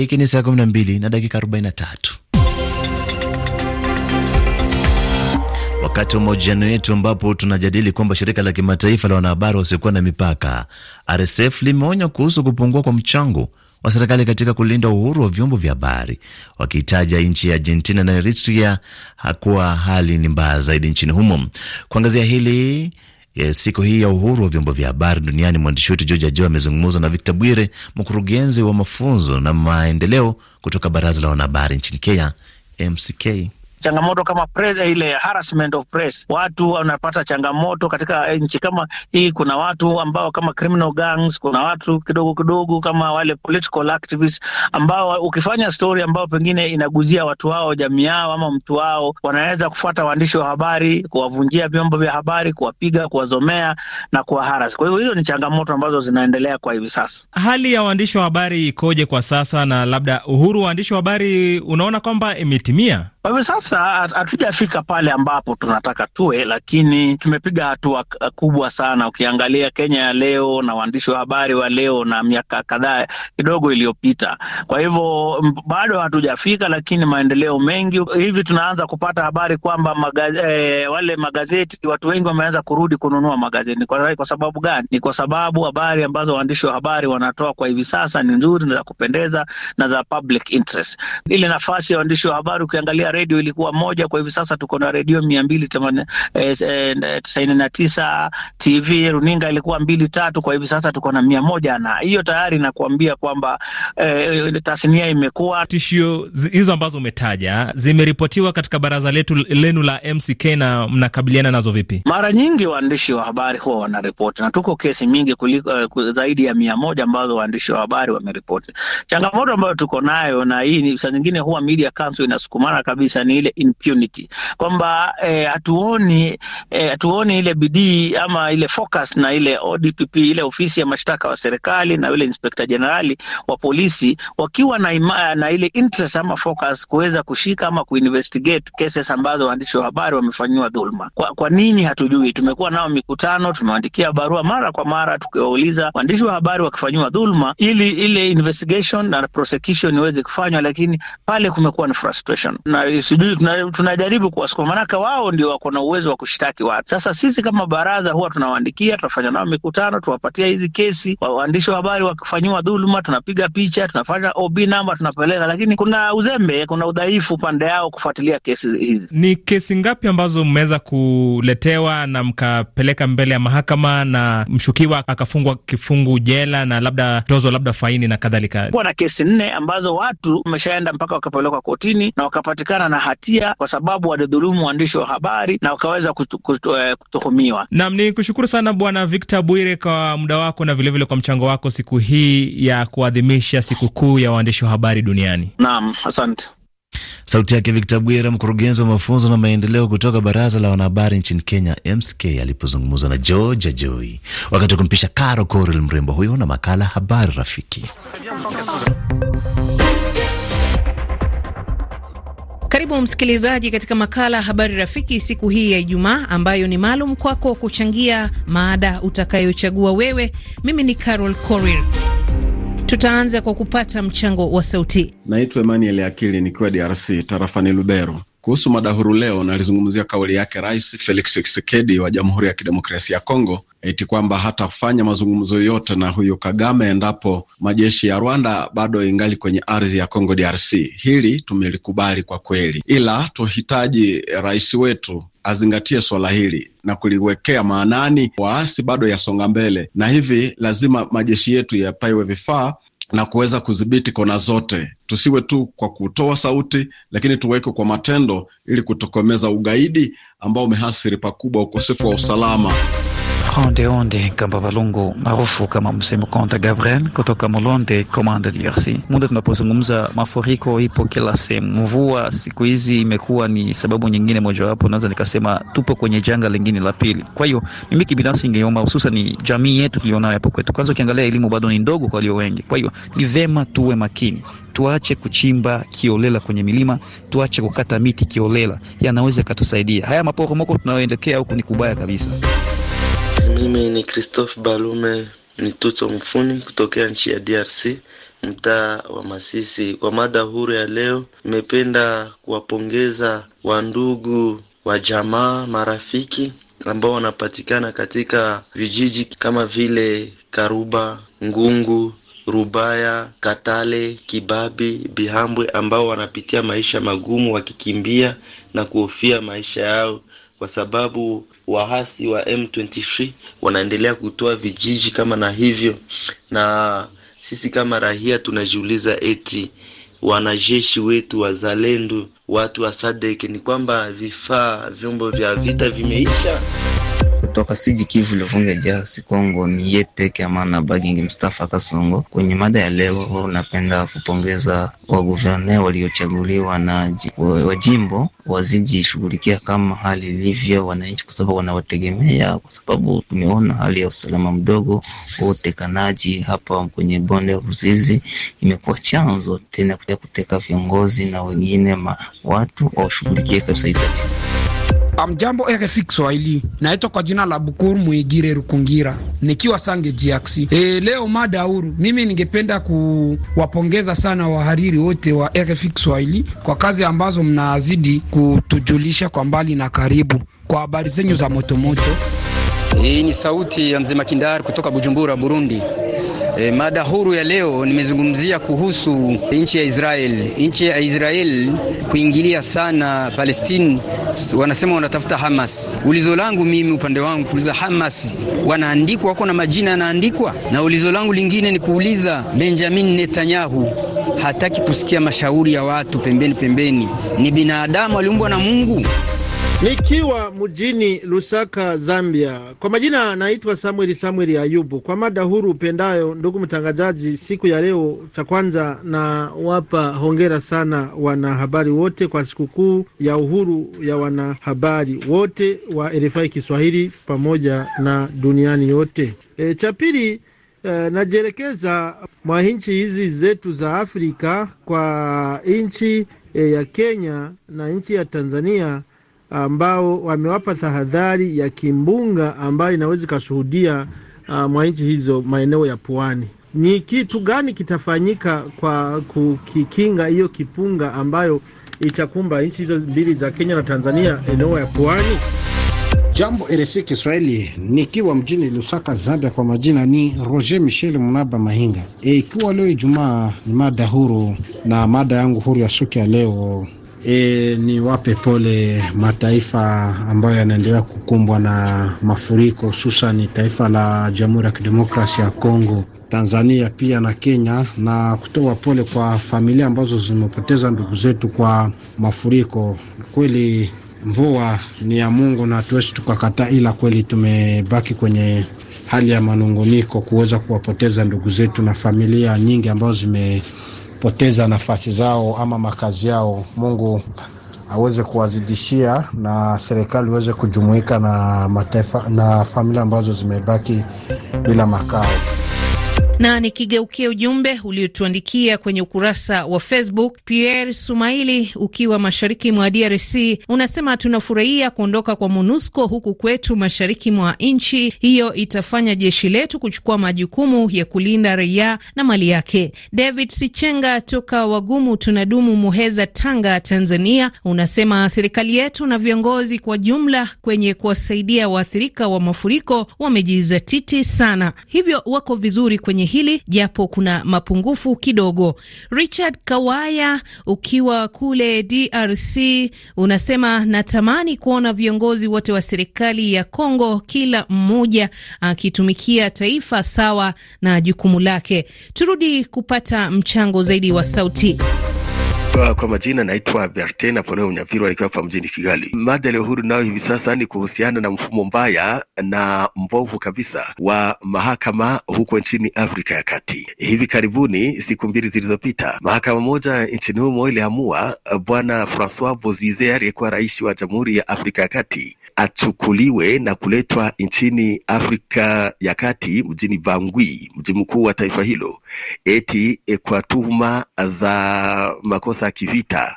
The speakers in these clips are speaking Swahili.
hiki ni saa 12 na dakika 43 wakati wa mahojiano yetu ambapo tunajadili kwamba shirika la kimataifa la wanahabari wasiokuwa na mipaka RSF limeonya kuhusu kupungua kwa mchango wa serikali katika kulinda uhuru wa vyombo vya habari, wakitaja nchi ya Argentina na Eritrea hakuwa hali ni mbaya zaidi nchini humo. Kuangazia hili ya siku hii ya uhuru wa vyombo vya habari duniani, mwandishi wetu George jo amezungumza na Victor Bwire, mkurugenzi wa mafunzo na maendeleo kutoka Baraza la Wanahabari nchini Kenya, MCK changamoto kama press, ile harassment of press. Watu wanapata changamoto katika nchi kama hii. Kuna watu ambao kama criminal gangs, kuna watu kidogo kidogo kama wale political activists ambao ukifanya story ambao pengine inaguzia watu wao, jamii yao ama mtu wao, wanaweza kufuata waandishi wa habari, kuwavunjia vyombo vya habari, kuwapiga, kuwazomea na kuwaharas. Kwa hivyo hizo ni changamoto ambazo zinaendelea kwa hivi sasa. Hali ya waandishi wa habari ikoje kwa sasa, na labda uhuru wa waandishi wa habari unaona kwamba imetimia? Kwa hivyo sasa hatujafika pale ambapo tunataka tuwe, lakini tumepiga hatua kubwa sana. Ukiangalia Kenya ya leo na waandishi wa habari wa leo na miaka kadhaa kidogo iliyopita. Kwa hivyo bado hatujafika, lakini maendeleo mengi hivi, tunaanza kupata habari kwamba magaze, eh, wale magazeti, watu wengi wameanza kurudi kununua magazeti. Kwa, kwa sababu gani? Ni kwa sababu habari ambazo waandishi wa habari wanatoa kwa hivi sasa ni nzuri na za kupendeza na za public interest. Ile nafasi ya waandishi wa habari ukiangalia redio ilikuwa moja, kwa hivi sasa tuko na redio mia mbili tisaini eh, eh, na tisa. TV runinga ilikuwa mbili tatu, kwa hivi sasa tuko na mia moja, na hiyo tayari nakuambia kwamba eh, tasnia imekuwa. Tishio hizo ambazo umetaja zimeripotiwa katika baraza letu lenu la MCK na mnakabiliana nazo vipi? Mara nyingi waandishi wa habari huwa wanaripoti na tuko kesi mingi kuliko, uh, zaidi ya mia moja ambazo waandishi wa habari wameripoti. Changamoto ambayo tuko nayo na hii saa nyingine huwa media council inasukumana kabisa kabisa ni ile impunity kwamba eh, hatuoni eh, hatuoni ile bidii ama ile focus na ile ODPP ile ofisi ya mashtaka wa serikali na ile inspekta jenerali wa polisi wakiwa na, ima, na ile interest ama focus kuweza kushika ama kuinvestigate cases ambazo waandishi wa habari wamefanyiwa dhulma. Kwa, kwa nini hatujui? Tumekuwa nao mikutano, tumewaandikia barua mara kwa mara tukiwauliza waandishi wa habari wakifanyiwa dhulma, ili ile investigation na prosecution iweze kufanywa, lakini pale kumekuwa na frustration na Eh, sijui tunajaribu kuwasukuma, maanake wao ndio wako na uwezo wa kushtaki watu. Sasa sisi kama baraza huwa tunawaandikia, tunafanya nao mikutano, tuwapatia hizi kesi, waandishi wa habari wakifanyiwa dhuluma, tunapiga picha, tunafanya OB namba, tunapeleka, lakini kuna uzembe, kuna udhaifu pande yao kufuatilia kesi hizi. Ni kesi ngapi ambazo mmeweza kuletewa na mkapeleka mbele ya mahakama na mshukiwa akafungwa kifungu jela na labda tozo, labda faini na kadhalika? Kuwa na kesi nne ambazo watu wameshaenda mpaka wakapelekwa kotini na wakapatikana kupatikana na hatia kwa sababu walidhulumu waandishi wa habari na wakaweza kutu, eh, kutuhumiwa. Naam, ni kushukuru sana Bwana Victor Bwire kwa muda wako na vilevile vile kwa mchango wako siku hii ya kuadhimisha sikukuu ya waandishi wa habari duniani. Naam, asante. Sauti yake Victor Bwira, mkurugenzi wa mafunzo na maendeleo kutoka Baraza la Wanahabari nchini Kenya, MCK, alipozungumza na Georgia Joy wakati wa kumpisha Caro Koril, mrembo huyo, na makala Habari Rafiki. Karibu msikilizaji katika makala ya habari rafiki siku hii ya Ijumaa ambayo ni maalum kwako kuchangia maada utakayochagua wewe. Mimi ni Carol Korir. Tutaanza kwa kupata mchango wa sauti. Naitwa Emmanuel Akili nikiwa DRC tarafani Lubero. Kuhusu mada huru leo, nalizungumzia kauli yake Rais Felix Tshisekedi wa Jamhuri ya Kidemokrasia ya Kongo eti kwamba hatafanya mazungumzo yote na huyo Kagame endapo majeshi ya Rwanda bado ingali kwenye ardhi ya Kongo DRC. Hili tumelikubali kwa kweli, ila tuhitaji rais wetu azingatie swala hili na kuliwekea maanani. Waasi bado yasonga mbele, na hivi lazima majeshi yetu yapaiwe vifaa na kuweza kudhibiti kona zote, tusiwe tu kwa kutoa sauti, lakini tuweke kwa matendo ili kutokomeza ugaidi ambao umehasiri pakubwa ukosefu wa usalama. Ronde Onde Kamba Valungu maarufu kama msemo Konta Gabriel kutoka molonde Komanda, DRC. Muda tunapozungumza mafuriko ipo kila sehemu. Mvua siku hizi imekuwa ni sababu nyingine mojawapo, naweza nikasema tupo kwenye janga lingine la pili. Kwa hiyo mimi kibinafsi ningeomba hususan ni jamii yetu tulionayo hapo kwetu, kwanza ukiangalia elimu bado ni ndogo kwa walio wengi. Kwa hiyo ni vema tuwe makini, tuache kuchimba kiolela kwenye milima, tuache kukata miti kiolela, yanaweza katusaidia haya maporomoko tunayoendekea huku ni kubaya kabisa. Mimi ni Christophe Balume ni tuto Mfuni kutokea nchi ya DRC mtaa wa Masisi. Kwa mada huru ya leo, nimependa kuwapongeza wandugu wa jamaa, marafiki ambao wanapatikana katika vijiji kama vile Karuba, Ngungu, Rubaya, Katale, Kibabi, Bihambwe ambao wanapitia maisha magumu wakikimbia na kuhofia maisha yao kwa sababu waasi wa M23 wanaendelea kutoa vijiji kama na hivyo, na sisi kama raia tunajiuliza eti wanajeshi wetu wazalendo, watu wa SADC, ni kwamba vifaa, vyombo vya vita vimeisha kutoka Siji Kivu Luvunge Jasi Kongo ni ye peke amana Bagingi Mustafa Kasongo. Kwenye mada ya leo, napenda kupongeza waguverner waliochaguliwa na wajimbo wazijishughulikia kama hali ilivyo wananchi, kwa sababu wanawategemea, kwa sababu tumeona hali ya usalama mdogo, utekanaji hapa kwenye bonde Ruzizi imekuwa chanzo tena kuja kuteka viongozi na wengine ma, watu washughulikie kabisa. Amjambo RFI Kiswahili, naitwa kwa jina la Bukuru Mwigire Rukungira nikiwa Sange Jiaksi. E, leo mada huru, mimi ningependa kuwapongeza sana wahariri wote wa RFI Kiswahili kwa kazi ambazo mnazidi kutujulisha kwa mbali na karibu, kwa habari zenyu za motomoto. Hii ni sauti ya mzee Makindari kutoka Bujumbura, Burundi. E, mada huru ya leo nimezungumzia kuhusu nchi ya Israel. Nchi ya Israel kuingilia sana Palestine, wanasema wanatafuta Hamas. Ulizo langu mimi upande wangu kuuliza Hamas wanaandikwa, wako na majina yanaandikwa, na ulizo langu lingine ni kuuliza Benjamin Netanyahu hataki kusikia mashauri ya watu pembeni pembeni, ni binadamu aliumbwa na Mungu. Nikiwa mjini Lusaka, Zambia. Kwa majina naitwa samweli Samuel Ayubu. Kwa mada huru upendayo, ndugu mtangazaji, siku ya leo, cha kwanza na wapa hongera sana wanahabari wote kwa sikukuu ya uhuru ya wanahabari wote wa RFI Kiswahili pamoja na duniani yote. E, cha pili e, najielekeza mwa nchi hizi zetu za Afrika kwa nchi e, ya Kenya na nchi ya Tanzania ambao wamewapa tahadhari ya kimbunga ambayo inaweza ikashuhudia uh, mwa nchi hizo maeneo ya pwani. Ni kitu gani kitafanyika kwa kukikinga hiyo kipunga ambayo itakumba nchi hizo mbili za Kenya na Tanzania eneo ya pwani? Jambo RFI Kiswahili, nikiwa mjini Lusaka, Zambia. Kwa majina ni Roger Michel Munaba Mahinga. E, ikiwa e, leo Ijumaa ni mada huru na mada yangu huru ya siku ya leo E, ni wape pole mataifa ambayo yanaendelea kukumbwa na mafuriko hususan taifa la Jamhuri ya Kidemokrasia ya Kongo, Tanzania pia na Kenya, na kutoa pole kwa familia ambazo zimepoteza ndugu zetu kwa mafuriko. Kweli mvua ni ya Mungu na tuwezi tukakataa, ila kweli tumebaki kwenye hali ya manunguniko kuweza kuwapoteza ndugu zetu na familia nyingi ambazo zime waliopoteza nafasi zao ama makazi yao. Mungu aweze kuwazidishia na serikali iweze kujumuika na mataifa na familia ambazo zimebaki bila makao. Na nikigeukia ujumbe uliotuandikia kwenye ukurasa wa Facebook, Pierre Sumaili ukiwa mashariki mwa DRC unasema tunafurahia kuondoka kwa MONUSCO huku kwetu mashariki mwa nchi. Hiyo itafanya jeshi letu kuchukua majukumu ya kulinda raia na mali yake. David Sichenga toka Wagumu tunadumu Muheza, Tanga, Tanzania unasema serikali yetu na viongozi kwa jumla kwenye kuwasaidia waathirika wa mafuriko wamejizatiti sana, hivyo wako vizuri kwenye hili japo kuna mapungufu kidogo. Richard Kawaya, ukiwa kule DRC, unasema natamani kuona viongozi wote wa serikali ya Kongo, kila mmoja akitumikia taifa sawa na jukumu lake. Turudi kupata mchango zaidi wa sauti kwa majina naitwa Bertin Apollo Munyapiro, alikuwa hapa mjini Kigali. Mada ya uhuru nayo hivi sasa ni kuhusiana na mfumo mbaya na mbovu kabisa wa mahakama huko nchini Afrika ya Kati. Hivi karibuni, siku mbili zilizopita, mahakama moja nchini humo iliamua eh, bwana Francois Bozize aliyekuwa rais wa Jamhuri ya Afrika ya Kati achukuliwe na kuletwa nchini Afrika ya Kati, mjini Bangui, mji mkuu wa taifa hilo, eti e, kwa tuhuma za makosa ya kivita,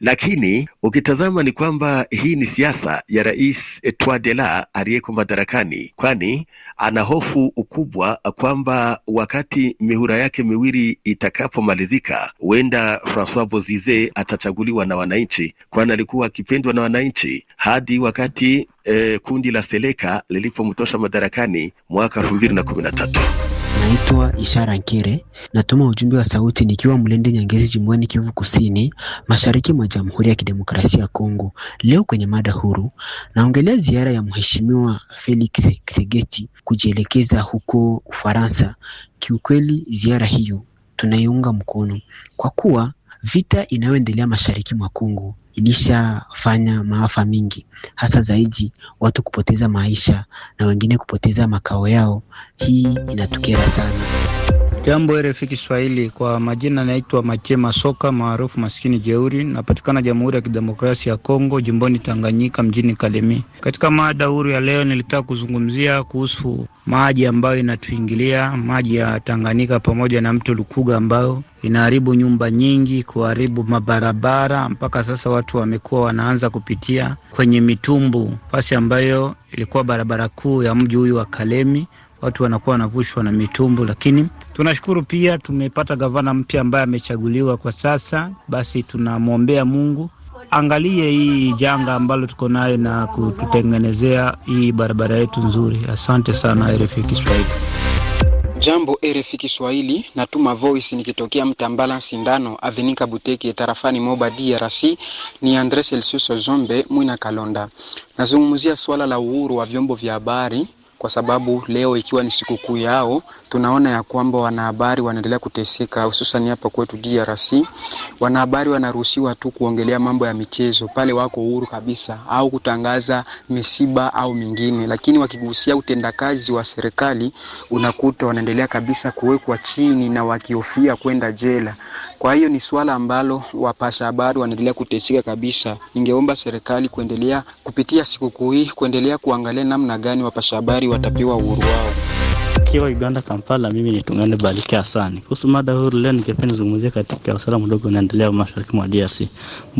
lakini ukitazama ni kwamba hii ni siasa ya Rais Twadela aliyeko madarakani, kwani ana hofu ukubwa kwamba wakati mihura yake miwili itakapomalizika, huenda Francois Bozize atachaguliwa na wananchi, kwani alikuwa akipendwa na wananchi hadi wakati eh, kundi la Seleka lilipomtosha madarakani mwaka elfu mbili na kumi na tatu. Naitwa Ishara nkere natuma ujumbe wa sauti nikiwa Mlende Nyangezi, Jimwani, Kivu Kusini, mashariki mwa Jamhuri ya Kidemokrasia ya Kongo. Leo kwenye mada huru naongelea ziara ya Mheshimiwa Felix Tshisekedi kujielekeza huko Ufaransa. Kiukweli ziara hiyo tunaiunga mkono kwa kuwa Vita inayoendelea mashariki mwa Kongo ilishafanya maafa mingi, hasa zaidi watu kupoteza maisha na wengine kupoteza makao yao. Hii inatukera sana. Jambo RFI Kiswahili, kwa majina naitwa Machema Soka maarufu maskini jeuri, napatikana Jamhuri ya Kidemokrasia ya Kongo, jimboni Tanganyika, mjini Kalemi. Katika mada huru ya leo, nilitaka kuzungumzia kuhusu maji ambayo inatuingilia, maji ya Tanganyika pamoja na mto Lukuga ambayo inaharibu nyumba nyingi, kuharibu mabarabara. Mpaka sasa watu wamekuwa wanaanza kupitia kwenye mitumbu, fasi ambayo ilikuwa barabara kuu ya mji huyu wa Kalemi watu wanakuwa wanavushwa na mitumbu. Lakini tunashukuru pia, tumepata gavana mpya ambaye amechaguliwa kwa sasa. Basi tunamwombea Mungu angalie hii janga ambalo tuko nayo na kututengenezea hii barabara yetu nzuri. Asante sana RFI Kiswahili. Jambo RFI Kiswahili, natuma voice nikitokea Mtambala Sindano Avenika Buteke tarafani Moba DRC. Ni Andre Celsius Zombe Mwina Kalonda, nazungumzia swala la uhuru wa vyombo vya habari kwa sababu leo ikiwa ni sikukuu yao, tunaona ya kwamba wanahabari wanaendelea kuteseka, hususani hapa kwetu DRC. Wanahabari wanaruhusiwa tu kuongelea mambo ya michezo pale, wako uhuru kabisa, au kutangaza misiba au mingine, lakini wakigusia utendakazi wa serikali unakuta wanaendelea kabisa kuwekwa chini na wakihofia kwenda jela. Kwa hiyo ni swala ambalo wapasha habari wanaendelea kuteseka kabisa. Ningeomba serikali kuendelea kupitia sikukuu hii kuendelea kuangalia namna gani wapasha habari watapewa uhuru wao. Kiwa Uganda Kampala, mimi ni Tungane Balike Hasani. Kuhusu mada huru leo, ningependa kuzungumzia katika usalama mdogo unaendelea mashariki mwa DRC.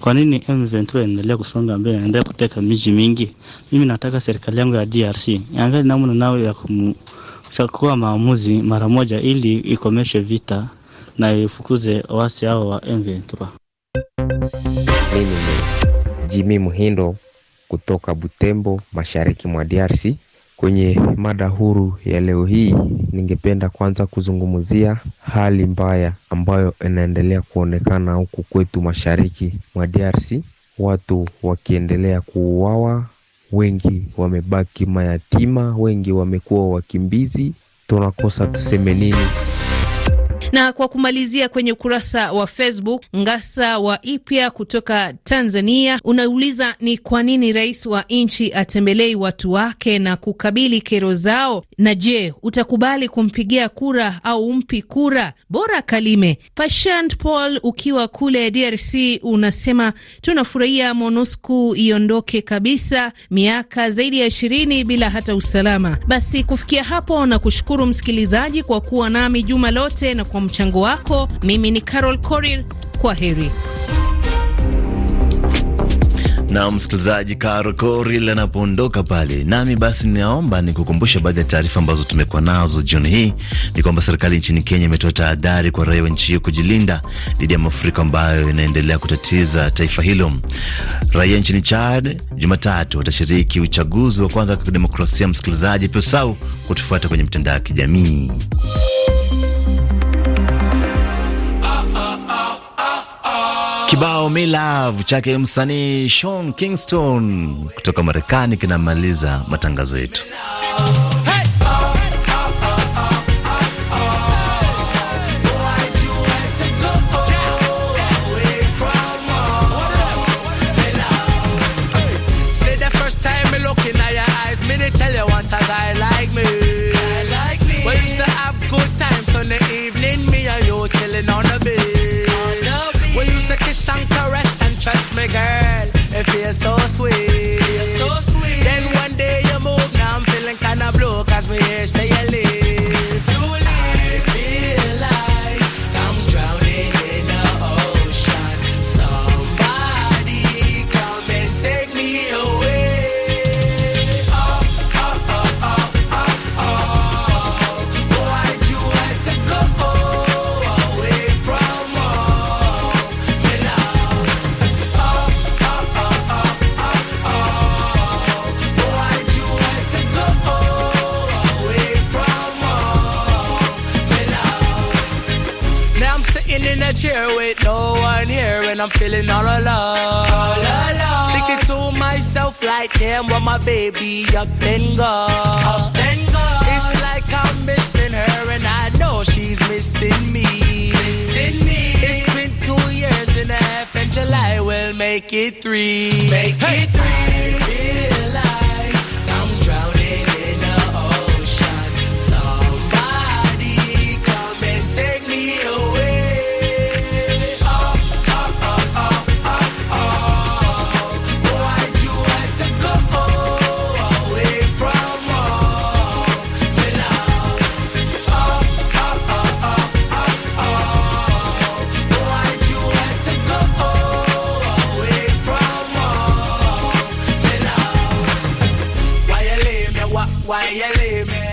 Kwa nini M23 inaendelea kusonga mbele, inaendelea kuteka miji mingi? Mimi nataka serikali yangu ya DRC iangalie namna nao ya kuchukua maamuzi mara moja, ili ikomeshe vita na ifukuze waasi hao wa M23. Mimi ni Jimmy Muhindo kutoka Butembo, mashariki mwa DRC. Kwenye mada huru ya leo hii, ningependa kwanza kuzungumzia hali mbaya ambayo inaendelea kuonekana huku kwetu mashariki mwa DRC, watu wakiendelea kuuawa, wengi wamebaki mayatima, wengi wamekuwa wakimbizi. Tunakosa tuseme nini? Na kwa kumalizia, kwenye ukurasa wa Facebook, Ngasa wa Ipya kutoka Tanzania unauliza ni kwa nini rais wa nchi atembelei watu wake na kukabili kero zao, na je, utakubali kumpigia kura au umpi kura? Bora kalime. Pashant Paul ukiwa kule DRC unasema tunafurahia MONUSCO iondoke kabisa, miaka zaidi ya ishirini bila hata usalama. Basi kufikia hapo, na kushukuru msikilizaji kwa kuwa nami juma lote na kwa kwa mchango wako. Mimi ni Carol Korir, kwa heri. Na msikilizaji Karokoril anapoondoka pale, nami basi ninaomba kukumbusha baadhi ya taarifa ambazo tumekuwa nazo jioni hii. Ni kwamba serikali nchini Kenya imetoa tahadhari kwa raia wa nchi hiyo kujilinda dhidi ya mafuriko ambayo inaendelea kutatiza taifa hilo. Raia nchini Chad Jumatatu watashiriki uchaguzi wa kwanza wa kidemokrasia. Msikilizaji, tusau kutufuata kwenye mitandao ya kijamii. Kibao me love chake msanii Sean Kingston kutoka Marekani kinamaliza matangazo yetu. so sweet. and I'm feeling all alone. All alone. Thinking to myself like, damn, why my baby up and gone? Up and gone. It's like I'm missing her and I know she's missing me. Missing me. It's been two years and a half and July will make it three. Make hey. it three.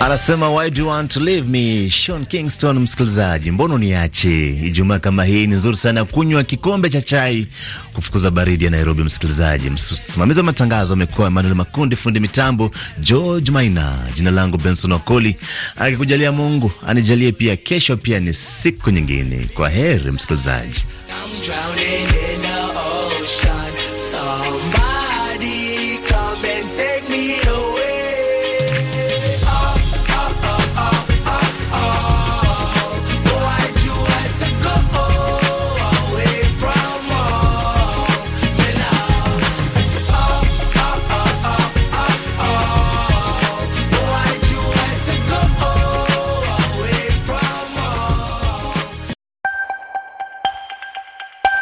Anasema why do you want to leave me? Sean Kingston, msikilizaji, mbona uniache? Ijumaa kama hii ni nzuri sana kunywa kikombe cha chai kufukuza baridi ya Nairobi. Msikilizaji, msimamizi wa matangazo amekuwa Emmanuel Makundi, fundi mitambo George Maina, jina langu Benson wakoli Akikujalia Mungu anijalie pia, kesho pia ni siku nyingine. Kwa heri msikilizaji.